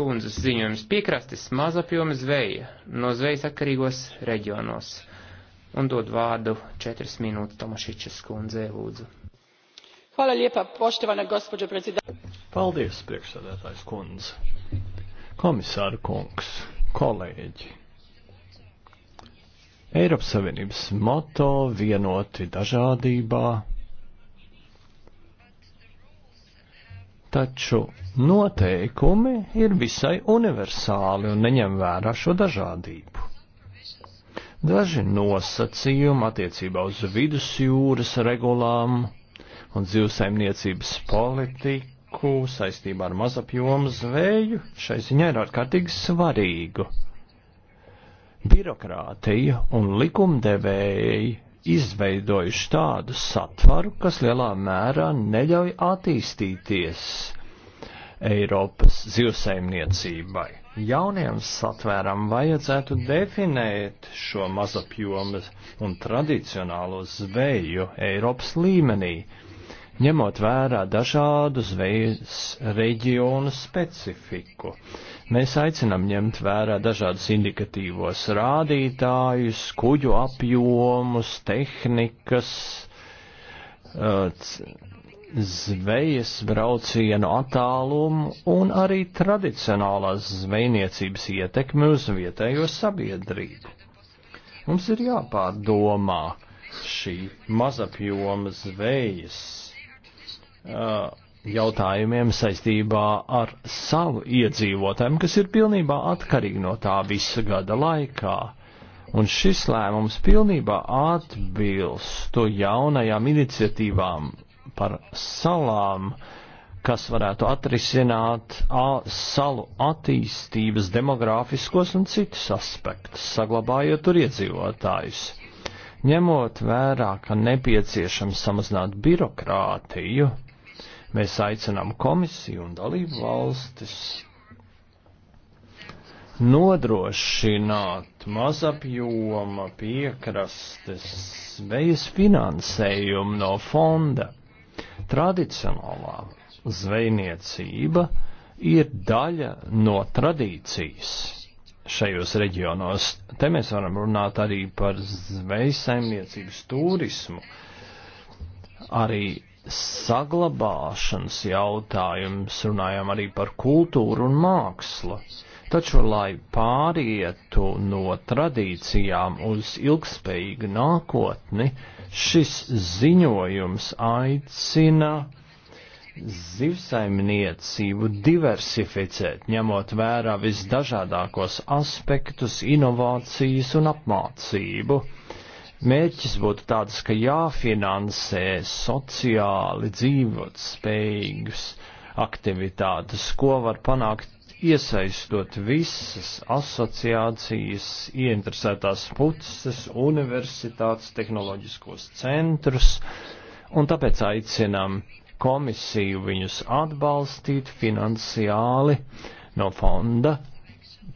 stundas ziņojums piekrastes mazapjoma zveja no zvejas atkarīgos reģionos. Un dod vārdu četras minūtes Tomašičas kundzē lūdzu. Hvala lijepa, poštovana gospođo predsjedavajuća. Paldies, priekšsēdētājs kundze. Komisāra kungs, kolēģi. Eiropas Savienības moto vienoti dažādībā taču noteikumi ir visai universāli un neņem vērā šo dažādību. Daži nosacījumi attiecībā uz vidusjūras regulām un dzīvsaimniecības politiku saistībā ar mazapjomu zvēju šai ziņā ir ārkārtīgi svarīgu. Birokrātija un likumdevēji izveidojuši tādu satvaru, kas lielā mērā neļauj attīstīties Eiropas zivsaimniecībai. Jauniem satvēram vajadzētu definēt šo mazapjomas un tradicionālo zveju Eiropas līmenī ņemot vērā dažādus veidus reģionu specifiku. Mēs aicinām ņemt vērā dažādus indikatīvos rādītājus, kuģu apjomus, tehnikas, uh, zvejas braucienu attālumu un arī tradicionālās zvejniecības ietekmi uz vietējo sabiedrību. Mums ir jāpārdomā šī mazapjoma zvejas Uh, jautājumiem saistībā ar savu iedzīvotājiem, kas ir pilnībā atkarīgi no tā visa gada laikā. Un šis lēmums pilnībā atbilstu jaunajām iniciatīvām par salām, kas varētu atrisināt salu attīstības demogrāfiskos un citus aspektus, saglabājot tur iedzīvotājus. Ņemot vērā, ka nepieciešams samazināt birokrātiju, Mēs aicinām komisiju un dalību valstis nodrošināt mazapjoma piekrastes zvejas finansējumu no fonda. Tradicionālā zvejniecība ir daļa no tradīcijas šajos reģionos. Te mēs varam runāt arī par zvejsaimniecības turismu. Arī saglabāšanas jautājums, runājam arī par kultūru un mākslu. Taču, lai pārietu no tradīcijām uz ilgspējīgu nākotni, šis ziņojums aicina zivsaimniecību diversificēt, ņemot vērā visdažādākos aspektus, inovācijas un apmācību mērķis būtu tāds, ka jāfinansē sociāli dzīvot spējīgas aktivitātes, ko var panākt iesaistot visas asociācijas, ieinteresētās puses, universitātes, tehnoloģiskos centrus, un tāpēc aicinām komisiju viņus atbalstīt finansiāli no fonda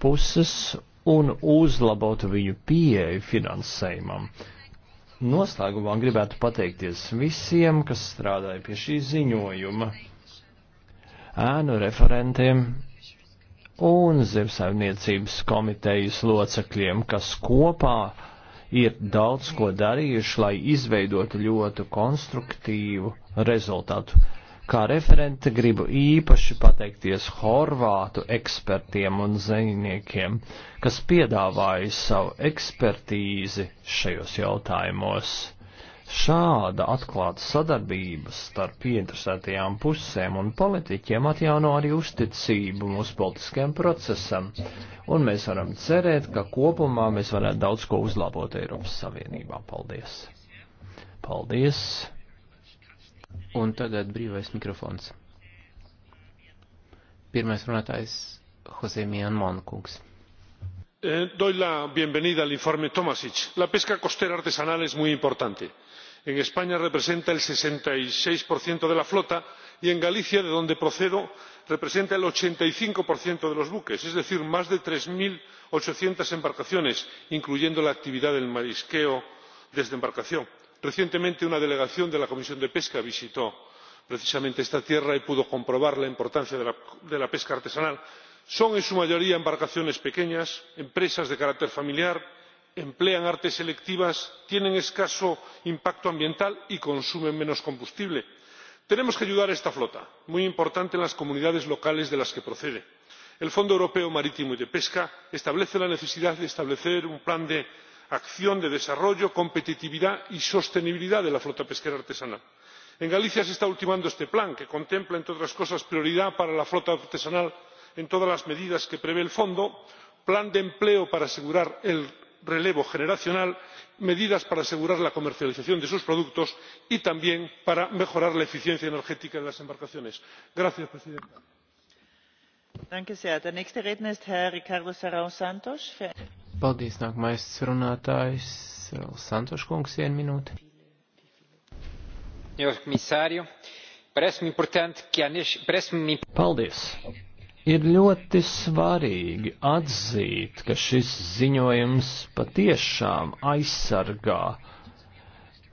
puses un uzlabot viņu pieeju finansējumam. Uh, Noslēgumā gribētu pateikties visiem, kas strādāja pie šī ziņojuma, ēnu referentiem un zivsaimniecības komitejas locekļiem, kas kopā ir daudz ko darījuši, lai izveidotu ļoti konstruktīvu rezultātu. Kā referente gribu īpaši pateikties horvātu ekspertiem un zvejniekiem, kas piedāvāja savu ekspertīzi šajos jautājumos. Šāda atklāta sadarbība starp ieinteresētajām pusēm un politiķiem atjauno arī uzticību mūsu politiskajam procesam, un mēs varam cerēt, ka kopumā mēs varētu daudz ko uzlabot Eiropas Savienībā. Paldies! Paldies! Un tagad brīvais mikrofons. Pirmais runātājs Jose Mianmon kungs. Eh, doy la bienvenida al informe Tomasic. La pesca costera artesanal es muy importante. En España representa el 66% de la flota y en Galicia, de donde procedo, representa el 85% de los buques, es decir, más de 3.800 embarcaciones, incluyendo la actividad del marisqueo desde embarcación recientemente una delegación de la comisión de pesca visitó precisamente esta tierra y pudo comprobar la importancia de la pesca artesanal. son en su mayoría embarcaciones pequeñas empresas de carácter familiar emplean artes selectivas tienen escaso impacto ambiental y consumen menos combustible. tenemos que ayudar a esta flota muy importante en las comunidades locales de las que procede. el fondo europeo marítimo y de pesca establece la necesidad de establecer un plan acción de desarrollo competitividad y sostenibilidad de la flota pesquera artesanal. en galicia se está ultimando este plan que contempla entre otras cosas prioridad para la flota artesanal en todas las medidas que prevé el fondo plan de empleo para asegurar el relevo generacional medidas para asegurar la comercialización de sus productos y también para mejorar la eficiencia energética de las embarcaciones. señora presidenta Paldies, nākamais runātājs, eh, Santoš kungs, vienu minūti. Paldies! Ir ļoti svarīgi atzīt, ka šis ziņojums patiešām aizsargā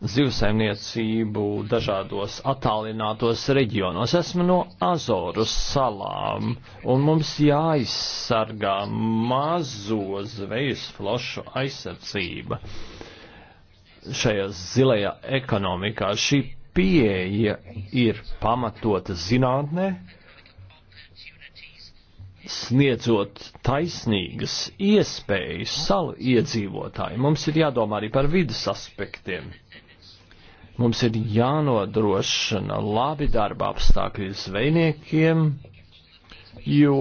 zivsaimniecību dažādos attālinātos reģionos. Esmu no Azoru salām, un mums jāaizsargā mazo zvejas flošu aizsardzība šajā zilajā ekonomikā. Šī pieeja ir pamatota zinātnē, sniedzot taisnīgas iespējas salu iedzīvotājiem. Mums ir jādomā arī par vidas aspektiem Mums ir jānodrošina labi darba apstākļi zvejniekiem, jo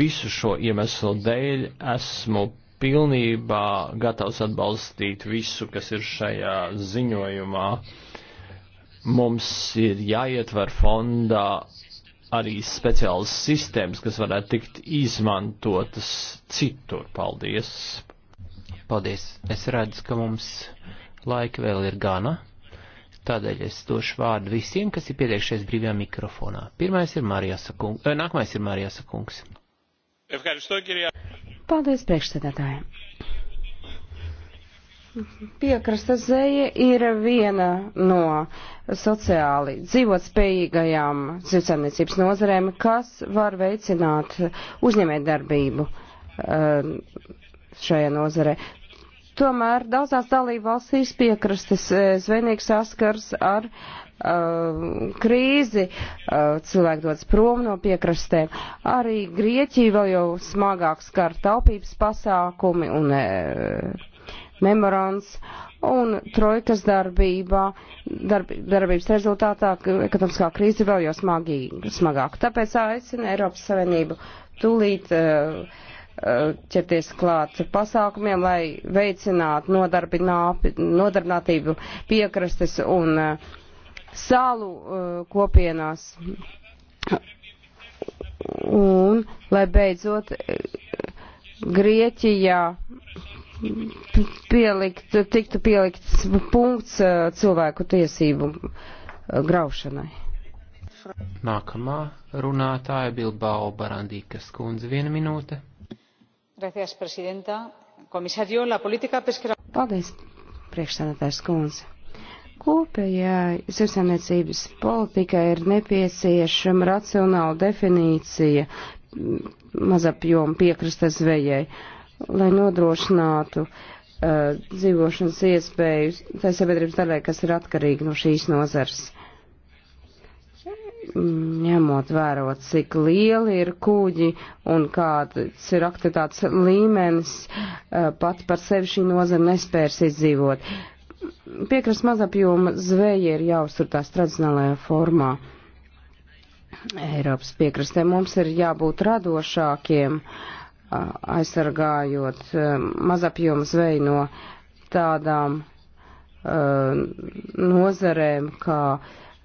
visu šo iemeslu dēļ esmu pilnībā gatavs atbalstīt visu, kas ir šajā ziņojumā. Mums ir jāietver fondā arī speciālas sistēmas, kas varētu tikt izmantotas citur. Paldies! Paldies! Es redzu, ka mums laika vēl ir gana. Tādēļ es došu vārdu visiem, kas ir pieteikšies brīvajā mikrofonā. Pirmais ir Marijas kungs. Nākamais ir Marijas kungs. Paldies, priekšsēdētāji. Piekrasta zēja ir viena no sociāli dzīvot spējīgajām dzīvesaimniecības nozarēm, kas var veicināt uzņēmēt darbību šajā nozarē. Tomēr daudzās dalību valstīs piekrastes e, zvejnieks saskars ar uh, krīzi, uh, cilvēki dodas prom no piekrastēm. Arī Grieķija vēl jau smagāk skar taupības pasākumi un uh, memorands un trojkas darbībā, darb, darbības rezultātā ekonomiskā krīze vēl jau smagī, smagāk. Tāpēc aicinu Eiropas Savienību tūlīt uh, ķerties klāt pasākumiem, lai veicinātu nodarbinātību piekrastes un eh, salu eh, kopienās. Un, lai beidzot, eh, Grieķijā pielikt, tiktu pielikts punkts cilvēku tiesību graušanai. Nākamā runātāja Bilbao Barandīkas kundze, viena minūte. Gracias, presidenta. Komisāri, la politika pesquera. Paldies, priekšsēdētājs Kunze. Kopējai zivsaimniecības politikai ir nepieciešama racionāla definīcija mm, mazapjoma piekrasta zvejai, lai nodrošinātu uh, dzīvošanas iespēju tai sabiedrības daļai, kas ir atkarīgi no šīs nozars. Uh, ņemot vērot, cik lieli ir kuģi un kāds ir aktivitātes līmenis, eh, pat par sevi šī nozara nespērs izdzīvot. Piekrast mazapjoma zveja ir jāuztur tās tradicionālajā formā. Eiropas piekrastē mums ir jābūt radošākiem, aizsargājot mazapjomu zveju no tādām nozarēm, kā uh,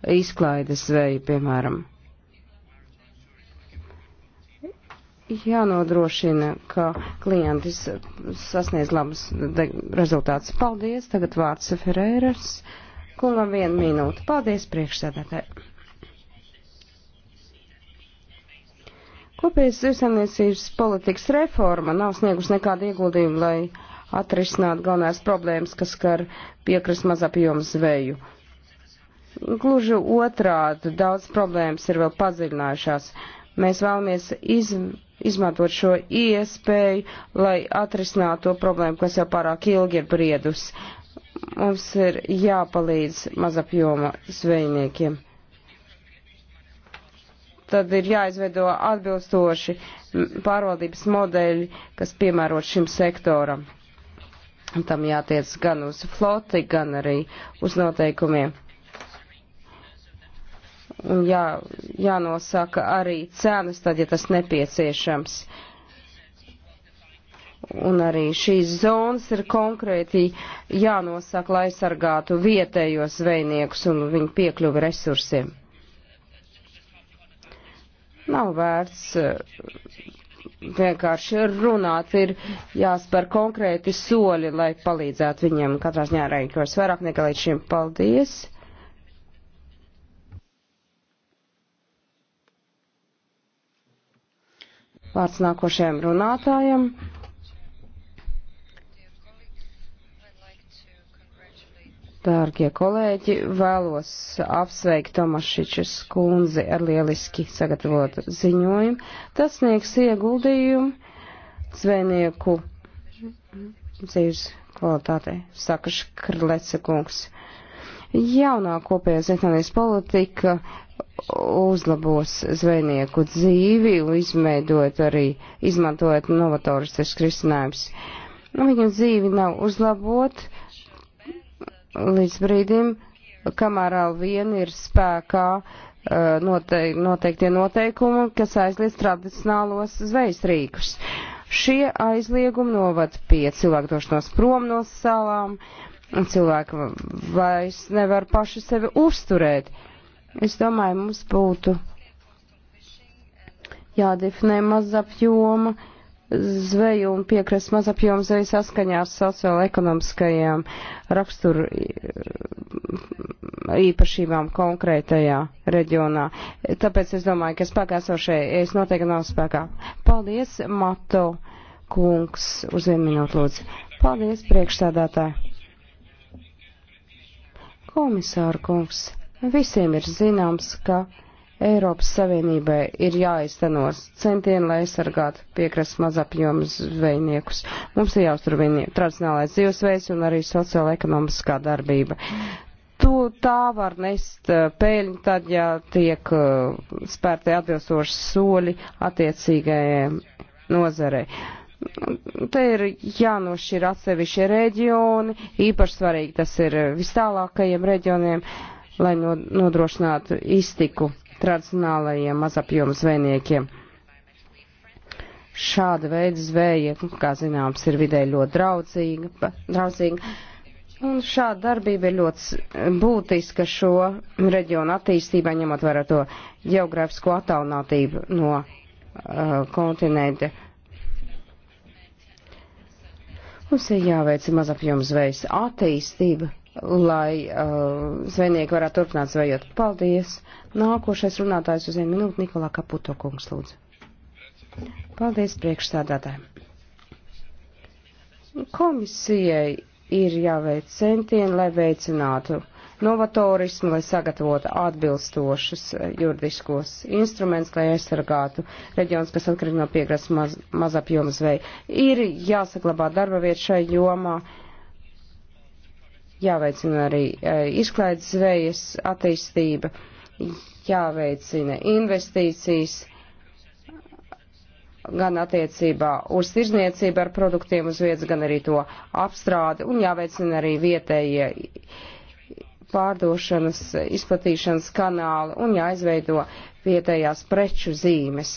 izklaides zveju, piemēram. Jānodrošina, ka klientis sasniedz labus rezultātus. Paldies, tagad vārds Ferēras. Kungam vienu minūtu. Paldies, priekšsēdētāji. Kopējas zivsaimniecības politikas reforma nav sniegus nekādu ieguldījumu, lai atrisinātu galvenās problēmas, kas skar piekrist mazapjomu zveju. Gluži otrādi, daudz problēmas ir vēl padziļinājušās. Mēs vēlamies iz, izmantot šo iespēju, lai atrisinātu to problēmu, kas jau pārāk ilgi ir briedus. Mums ir jāpalīdz mazapjoma zvejniekiem. Tad ir jāizveido atbilstoši pārvaldības modeļi, kas piemērot šim sektoram. Tam jātiec gan uz floti, gan arī uz noteikumiem jā, jānosaka arī cenas, tad, ja tas nepieciešams. Un arī šīs zonas ir konkrēti jānosaka, lai sargātu vietējos zvejniekus un viņu piekļuvi resursiem. Nav vērts eh, vienkārši runāt, ir jāspēr konkrēti soļi, lai palīdzētu viņiem katrā ziņā rēķinās vairāk nekā līdz šim. Paldies! Vārds nākošajam runātājam. Dārgie kolēģi, vēlos apsveikt Tomašičas kundzi ar lieliski sagatavotu ziņojumu. Tas sniegs ieguldījumu zvejnieku dzīves kvalitātei, saka Škrleca kungs. Jaunā kopējā Zviedrijas politika uzlabos zvejnieku dzīvi, izmēdot arī, izmantojot novatoristisks risinājums. Nu, viņu dzīvi nav uzlabot līdz brīdim, kamēr vēl vien ir spēkā eh, noteiktie noteikumi, kas aizliedz tradicionālos zvejas rīkus. Uh, Šie aizliegumi novad pie cilvēku došanos prom no salām, un cilvēki vairs nevar paši sevi uzturēt. Es domāju, mums būtu jādefinē mazapjoma zveju un piekrasts mazapjomu zveju saskaņā ar sociālo-ekonomiskajām raksturu īpašībām konkrētajā reģionā. Tāpēc es domāju, ka spēkā esošie es noteikti nav spēkā. Paldies, Mato kungs, uz vienu minūtu lūdzu. Paldies, priekšstādātāji. Komisāra kungs, visiem ir zināms, ka Eiropas Savienībai ir jāiztenos centieni, lai aizsargātu piekras mazapjomu zvejniekus. Mums ir jāuztur viņa tradicionālais dzīvesveids un arī sociāla-ekonomiskā darbība. Tu tā var nest eh, pēļņu tad, ja tiek eh, spērti atbilstoši soļi attiecīgajai nozarei. Te ir jānošķir atsevišķi reģioni, īpaši svarīgi tas ir eh, vistālākajiem reģioniem, lai nodrošinātu iztiku tradicionālajiem mazapjomu zvejniekiem. Šāda veida zvēja, nu, kā zināms, ir vidē ļoti draudzīga, draudzīga. Un šāda darbība ir ļoti būtiska šo reģionu attīstībai, ņemot vērā to geogrāfisko attālinātību no uh, kontinenta. Mums ir jāveic mazapjoms zvejas attīstība, lai uh, zvejnieki varētu turpināt zvejot. Paldies! Nākošais runātājs uz vienu minūtu Nikolā Kaputo kungs lūdzu. Paldies priekšstādātājiem. Komisijai ir jāveic centieni, lai veicinātu novatorismu, lai sagatavotu atbilstošus juridiskos instrumentus, lai aizsargātu reģionus, kas atkarīgi no piegras maz, mazapjomas vēja. Ir jāsaglabā darba vietas šai jomā. Uh, jāveicina arī e, izklaides zvejas attīstība, jāveicina investīcijas gan attiecībā uz tirzniecību ar produktiem uz vietas, gan arī to apstrādi un jāveicina arī vietējie pārdošanas, izplatīšanas kanāli un jāizveido vietējās preču zīmes.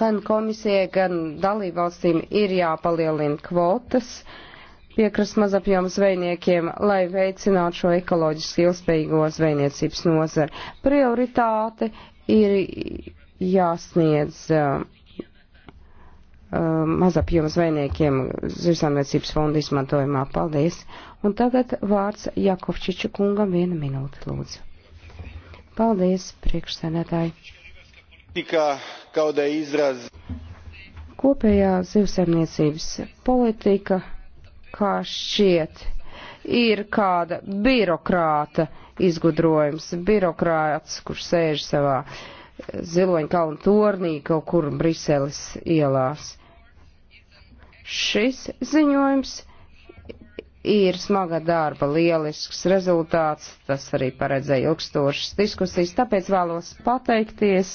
Gan komisijai, gan dalībvalstīm ir jāpalielina kvotas, uh, piekrast mazapjomu zvejniekiem, lai veicinātu šo ekoloģiski ilgspējīgo zvejniecības nozari. Prioritāte ir jāsniedz uh, um, um, mazapjomu zvejniekiem zivsāniecības fonda izmantojumā. Paldies! Un tagad vārds Jakovčiča kungam viena minūte, lūdzu. Paldies, priekšsēdētāji! Kopējā zivsēmniecības politika kā šķiet, ir kāda birokrāta izgudrojums, birokrāts, kurš sēž savā ziloņkalnu tornī kaut kur Briseles ielās. Šis ziņojums ir smaga darba lielisks rezultāts, tas arī paredzēja ilgstošas diskusijas, tāpēc vēlos pateikties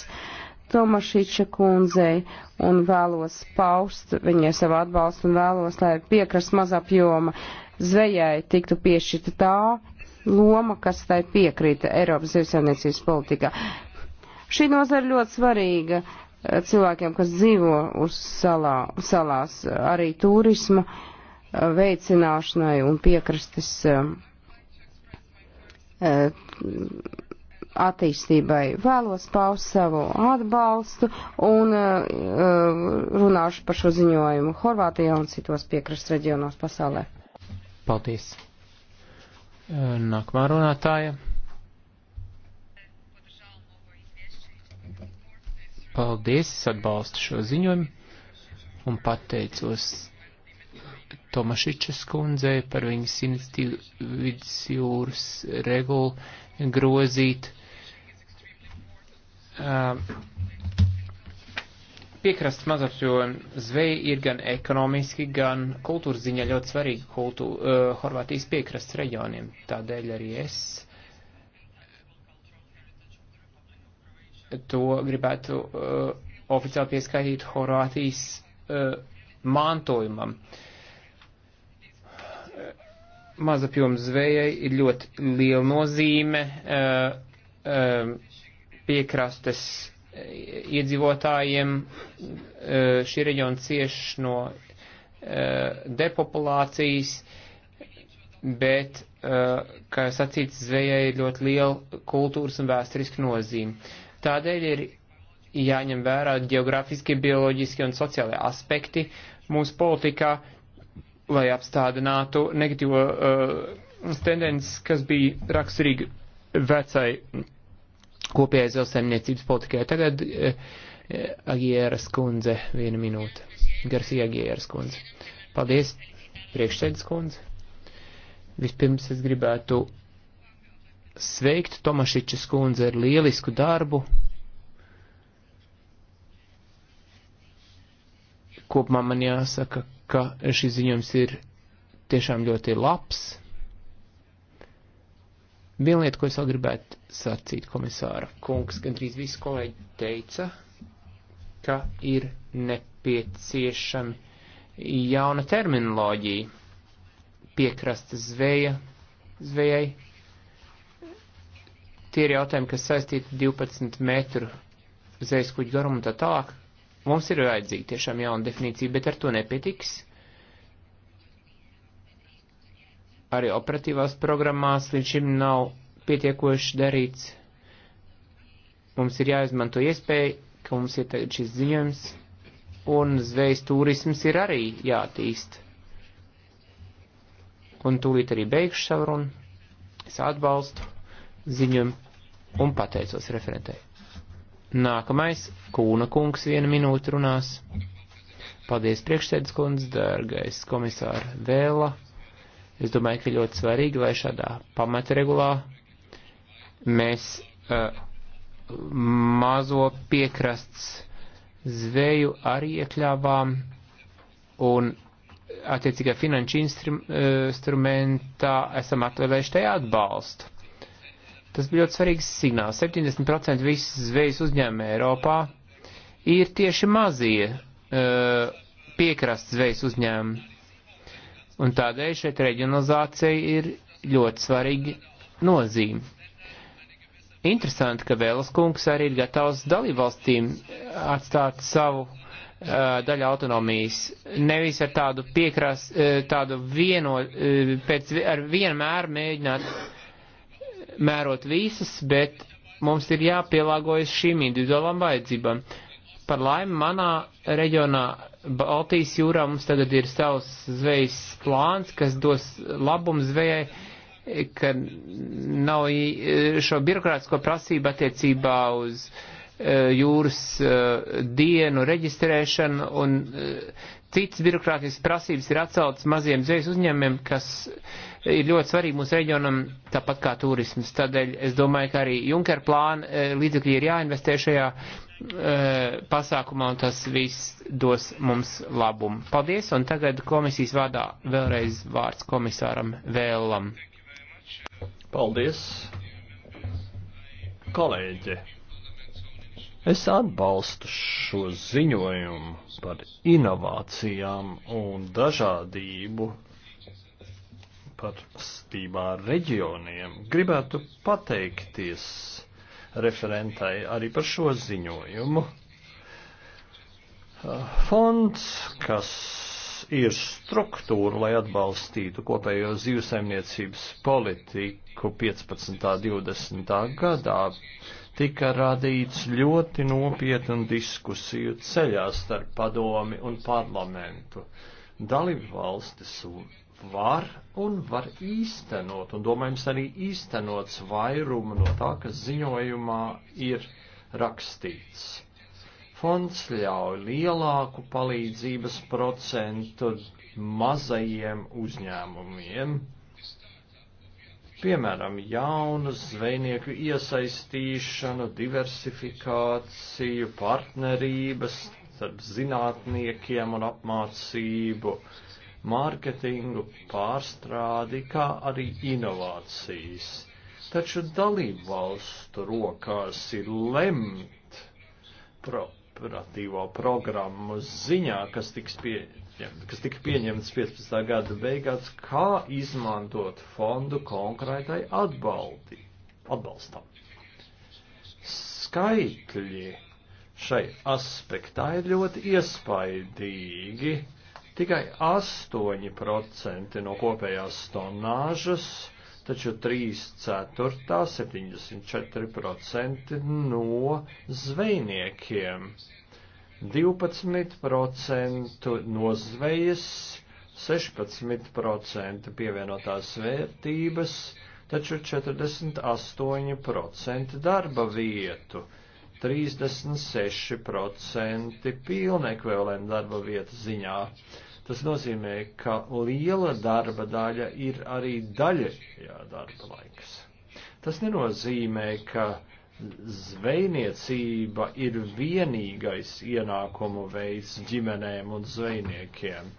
Tomašiča kundzei un vēlos paust viņai savu atbalstu un vēlos, lai piekrast mazapjoma zvejai tiktu piešķirta tā loma, kas tai piekrita Eiropas zivsaimniecības politikā. Šī nozara ļoti svarīga eh, cilvēkiem, kas dzīvo uz salā, salās, arī turismu eh, veicināšanai un piekrastes. Uh, uh, attīstībai. Vēlos paust savu atbalstu un uh, runāšu par šo ziņojumu Horvātijā un citos piekrastes reģionos pasaulē. Paldies. Eh, nākamā runātāja. Paldies, es atbalstu šo ziņojumu un pateicos Tomašičas kundzei par viņas iniciatīvu vidusjūras regulu grozīt piekrastes mazapjoņu zveja ir gan ekonomiski, gan kultūras ziņā ļoti svarīga kultū, uh, Horvātijas piekrastes reģioniem. Tādēļ arī es to gribētu uh, oficiāli pieskaitīt Horvātijas uh, mantojumam. Uh, mazapjoms zvejai ir ļoti liela nozīme. Uh, uh, piekrastes iedzīvotājiem e, šī reģiona cieš no e, depopulācijas, bet, e, kā jau sacīts, zvejai ir ļoti liela kultūras un vēsturiska nozīme. Tādēļ ir jāņem vērā geogrāfiskie, bioloģiskie un sociālai aspekti mūsu politikā, lai apstādinātu negatīvo uh, tendences, kas bija raksturīgi vecai kopējai zilsaimniecības politikai. Tagad eh, eh, Agieras kundze, viena minūte. Garsija Agieras kundze. Paldies, priekšsēdus kundze. Vispirms es gribētu sveikt Tomašičas kundze ar lielisku darbu. Kopumā man jāsaka, ka šis ziņojums ir tiešām ļoti labs. Viena lieta, ko es vēl gribētu sacīt, komisāra kungs, gandrīz visi kolēģi teica, ka ir nepieciešami jauna terminoloģija. Piekrasta zveja, zvejai. Tie ir jautājumi, kas saistīti 12 metru zvejas kuģu garumu un tā tālāk. Mums ir vajadzīga tiešām jauna definīcija, bet ar to nepietiks. arī operatīvās programmās līdz šim nav pietiekoši darīts. Mums ir jāizmanto iespēja, ka mums ir tagad šis ziņojums, un zvejas turisms ir arī jātīst. Un tūlīt arī beigšu savu runu. Es atbalstu ziņojumu un pateicos referentei. Nākamais Kūna kungs viena minūte runās. Paldies priekšsēdus kundz, dārgais komisāra Vēla. Es domāju, ka ļoti svarīgi, lai šādā pamatregulā mēs uh, mazo piekrasts zveju arī iekļāvām un attiecīgā finanšu instrum, e, instrumentā esam atvēlējuši tajā atbalstu. Tas bija ļoti svarīgs signāls. 70% visas zvejas uzņēmē Eiropā ir tieši mazie uh, piekrasts zvejas uzņēmumi Un tādēļ šeit reģionalizācija ir ļoti svarīga nozīme. Interesanti, ka Vēlas kungs arī ir gatavs dalībvalstīm atstāt savu uh, daļu autonomijas. Nevis ar tādu piekras, uh, tādu vieno, uh, pēc ar vienu mēru mēģināt mērot visas, bet mums ir jāpielāgojas šīm individuālām vajadzībām. Par laimi manā reģionā Baltijas jūrā mums tagad ir savs zvejas plāns, kas dos labumu zvejai, ka nav šo birokrātisko prasību attiecībā uz e, jūras e, dienu reģistrēšanu un e, citas birokrātiskas prasības ir atceltas maziem zvejas uzņēmumiem, kas ir ļoti svarīgi mūsu reģionam, tāpat kā turisms. Tādēļ es domāju, ka arī Junker plāna līdzekļi ir jāinvestē šajā Eh, pasākumā, un tas viss dos mums labumu. Paldies, un tagad komisijas vārdā vēlreiz vārds komisāram Vēlam. Paldies, kolēģi. Es atbalstu šo ziņojumu par inovācijām un dažādību par stībā reģioniem. Gribētu pateikties referentai arī par šo ziņojumu. Ah, fonds, kas ir struktūra, lai atbalstītu kopējo zivsaimniecības politiku 15. 20. gadā, tika radīts ļoti nopietnu diskusiju ceļā starp padomi un parlamentu. Dalību valstis var un var īstenot, un domājams arī īstenots vairumu no tā, kas ziņojumā ir rakstīts. Fonds ļauj lielāku palīdzības procentu mazajiem uzņēmumiem. Piemēram, jaunu zvejnieku iesaistīšanu, diversifikāciju, partnerības starp zinātniekiem un apmācību. Uh, mārketingu, pārstrādi, kā arī inovācijas. Taču dalību valstu rokās ir lemt operatīvo programmu ziņā, kas tiks pieņemts, kas tika pieņemts 15. gada beigās, kā izmantot fondu konkrētai atbaldi, atbalstam. Skaitļi šai aspektā ir ļoti iespaidīgi Tikai 8% no kopējās tonāžas, taču 3 ceturtā 74% no zvejniekiem. 12% no zvejas, 16% pievienotās vērtības, taču 48% darba vietu, 36% pilnekvivalenta darba vietu ziņā. Tas nozīmē, ka liela darba daļa ir arī daļējā darba laiks. Tas nenozīmē, ka zvejniecība ir vienīgais ienākumu veids ģimenēm un zvejniekiem.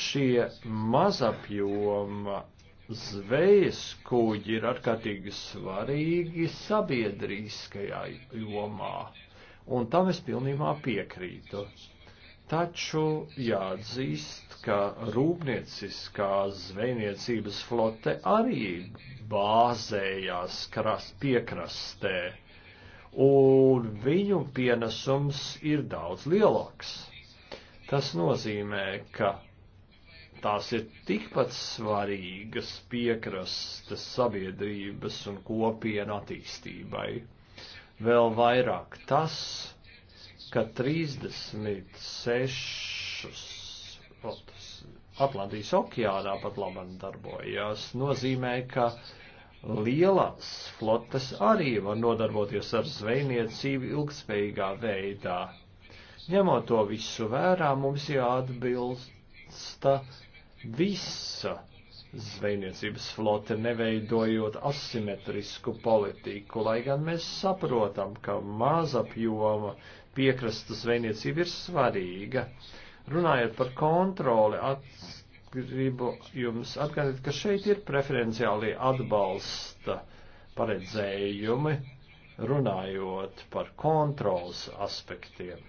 Šie mazapjoma zvejas kuģi ir ārkārtīgi svarīgi sabiedrīskajā jomā, un tam es pilnībā piekrītu. Taču jāatzīst, ka rūpnieciskā zvejniecības flote arī bāzējās kras, piekrastē, un viņu pienesums ir daudz lielāks. Tas nozīmē, ka tās ir tikpat svarīgas piekrastes sabiedrības un kopienu attīstībai. Vēl vairāk tas, ka 36 otas Atlantijas okeānā pat labam darbojās, nozīmē, ka lielās flotes arī var nodarboties ar zvejniecību ilgspējīgā veidā. Ņemot to visu vērā, mums jāatbilsta visa zvejniecības flote, neveidojot asimetrisku politiku, lai gan mēs saprotam, ka mazapjoma piekrasta zvejniecība ir svarīga. Runājot par kontroli, at, gribu jums atgādināt, ka šeit ir preferenciāli atbalsta paredzējumi, runājot par kontrols aspektiem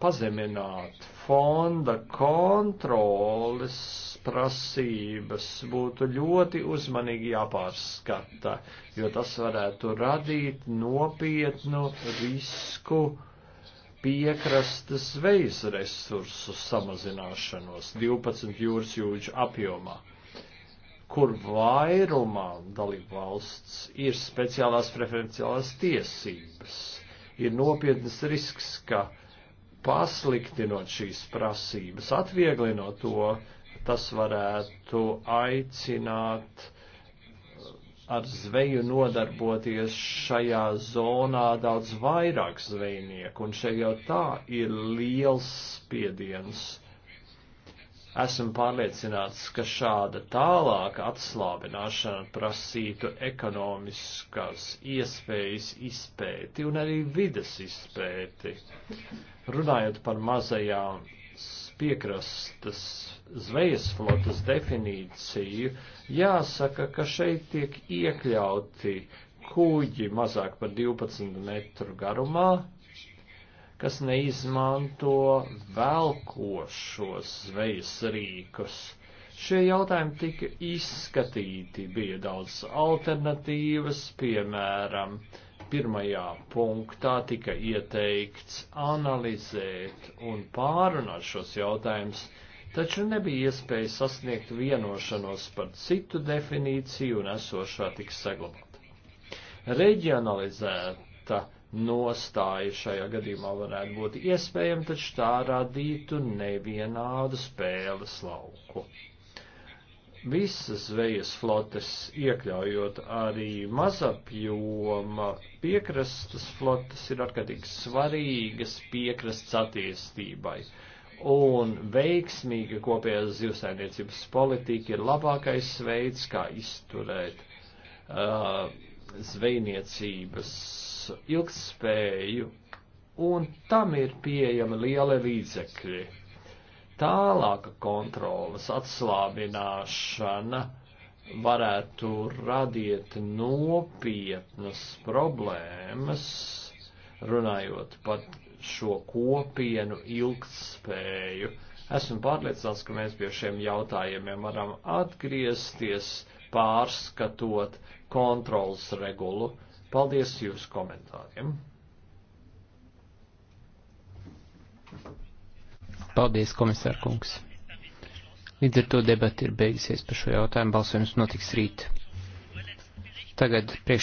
pazemināt fonda kontroles prasības būtu ļoti uzmanīgi jāpārskata, jo tas varētu radīt nopietnu risku piekrastes zvejas resursu samazināšanos 12 jūras jūģu apjomā, kur vairumā dalību valsts ir speciālās preferenciālās tiesības. Ir nopietnas risks, ka pasliktinot šīs prasības, atvieglinot to, tas varētu aicināt uh, ar zveju nodarboties šajā zonā daudz vairāk zvejnieku, un šeit jau tā ir liels spiediens Esmu pārliecināts, ka šāda tālāka atslābināšana prasītu ekonomiskās iespējas izpēti un arī vides izpēti. Runājot par mazajām piekrastas zvejas flotas definīciju, jāsaka, ka šeit tiek iekļauti kuģi mazāk par 12 metru garumā, kas neizmanto velkošos zvejas rīkus. Šie jautājumi tika izskatīti, bija daudz alternatīvas, piemēram, pirmajā punktā tika ieteikts analizēt un pārunāt šos jautājumus, taču nebija iespēja sasniegt vienošanos par citu definīciju un esošā tiks saglabāta. Reģionalizēta nostāja šajā gadījumā varētu būt iespējama, taču tā radītu nevienādu spēles lauku. Visas zvejas flotes, iekļaujot arī mazapjoma piekrastas flotes, ir ārkārtīgi svarīgas piekrastas attīstībai. Un veiksmīga kopējās zivsainiecības politika ir labākais veids, kā izturēt uh, zvejniecības ilgspēju, un tam ir pieejama liela līdzekļi. Tālāka kontrolas atslābināšana varētu radīt nopietnas problēmas, runājot par šo kopienu ilgtspēju. Esmu pārliecināts, ka mēs pie šiem jautājumiem varam atgriezties, pārskatot kontrolas regulu. Paldies jūsu komentāriem! Paldies, komisār kungs. Līdz ar to debati ir beigusies par šo jautājumu. Balsojums notiks rīt. Tagad priekš.